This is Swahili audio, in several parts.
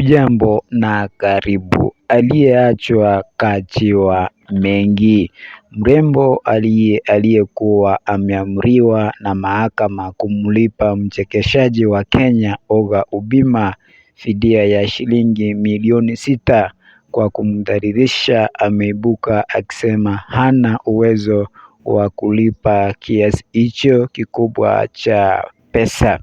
Ujambo na karibu, aliyeachwa kaachiwa mengi. Mrembo aliyekuwa ameamriwa na mahakama kumlipa mchekeshaji wa Kenya Oga Obinna fidia ya shilingi milioni sita kwa kumdhalilisha ameibuka akisema hana uwezo wa kulipa kiasi hicho kikubwa cha pesa.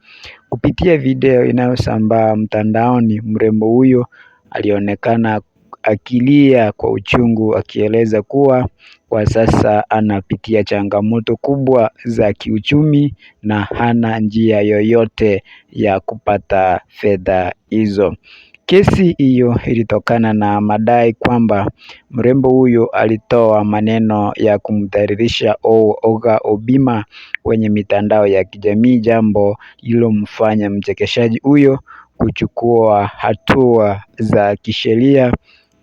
Kupitia video inayosambaa mtandaoni mrembo huyo alionekana akilia kwa uchungu akieleza kuwa kwa sasa anapitia changamoto kubwa za kiuchumi na hana njia yoyote ya kupata fedha hizo. Kesi hiyo ilitokana na madai kwamba mrembo huyo alitoa maneno ya kumdhalilisha Oga Obima kwenye mitandao ya kijamii, jambo lililomfanya mchekeshaji huyo kuchukua hatua za kisheria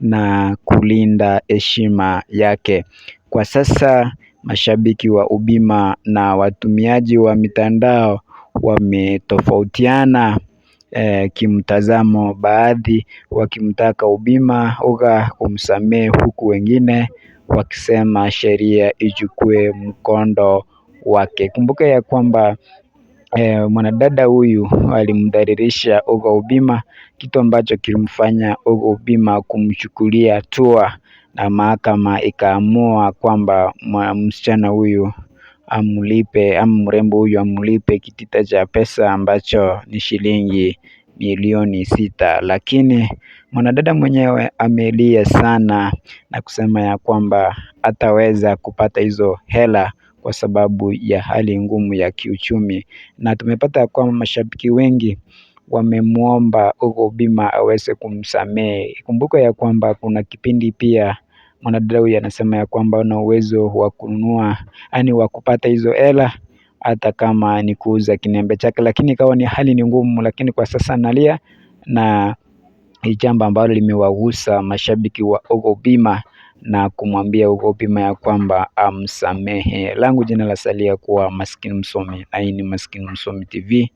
na kulinda heshima yake. Kwa sasa mashabiki wa Obima na watumiaji wa mitandao wametofautiana. Eh, kimtazamo baadhi wakimtaka Ubima uga kumsamehe huku wengine wakisema sheria ichukue mkondo wake. Kumbuka ya kwamba eh, mwanadada huyu alimdhalilisha uga ubima kitu ambacho kilimfanya uga ubima kumchukulia hatua na mahakama ikaamua kwamba msichana huyu amlipe ama mrembo huyu amlipe kitita cha pesa ambacho ni shilingi milioni sita lakini mwanadada mwenyewe amelia sana na kusema ya kwamba hataweza kupata hizo hela kwa sababu ya hali ngumu ya kiuchumi na tumepata ya kwamba mashabiki wengi wamemwomba Hugo Bima aweze kumsamehe. Kumbuka ya kwamba kuna kipindi pia mwanadada huyu anasema ya kwamba ana uwezo wa kununua yani wa kupata hizo hela hata kama ni kuuza kinembe chake, lakini ikawa ni hali ni ngumu, lakini kwa sasa analia na ni jambo ambalo limewagusa mashabiki wa Ogo Bima na kumwambia Ogo Bima ya kwamba amsamehe. Langu jina la salia kuwa Maskini Msomi, na hii ni Maskini Msomi TV.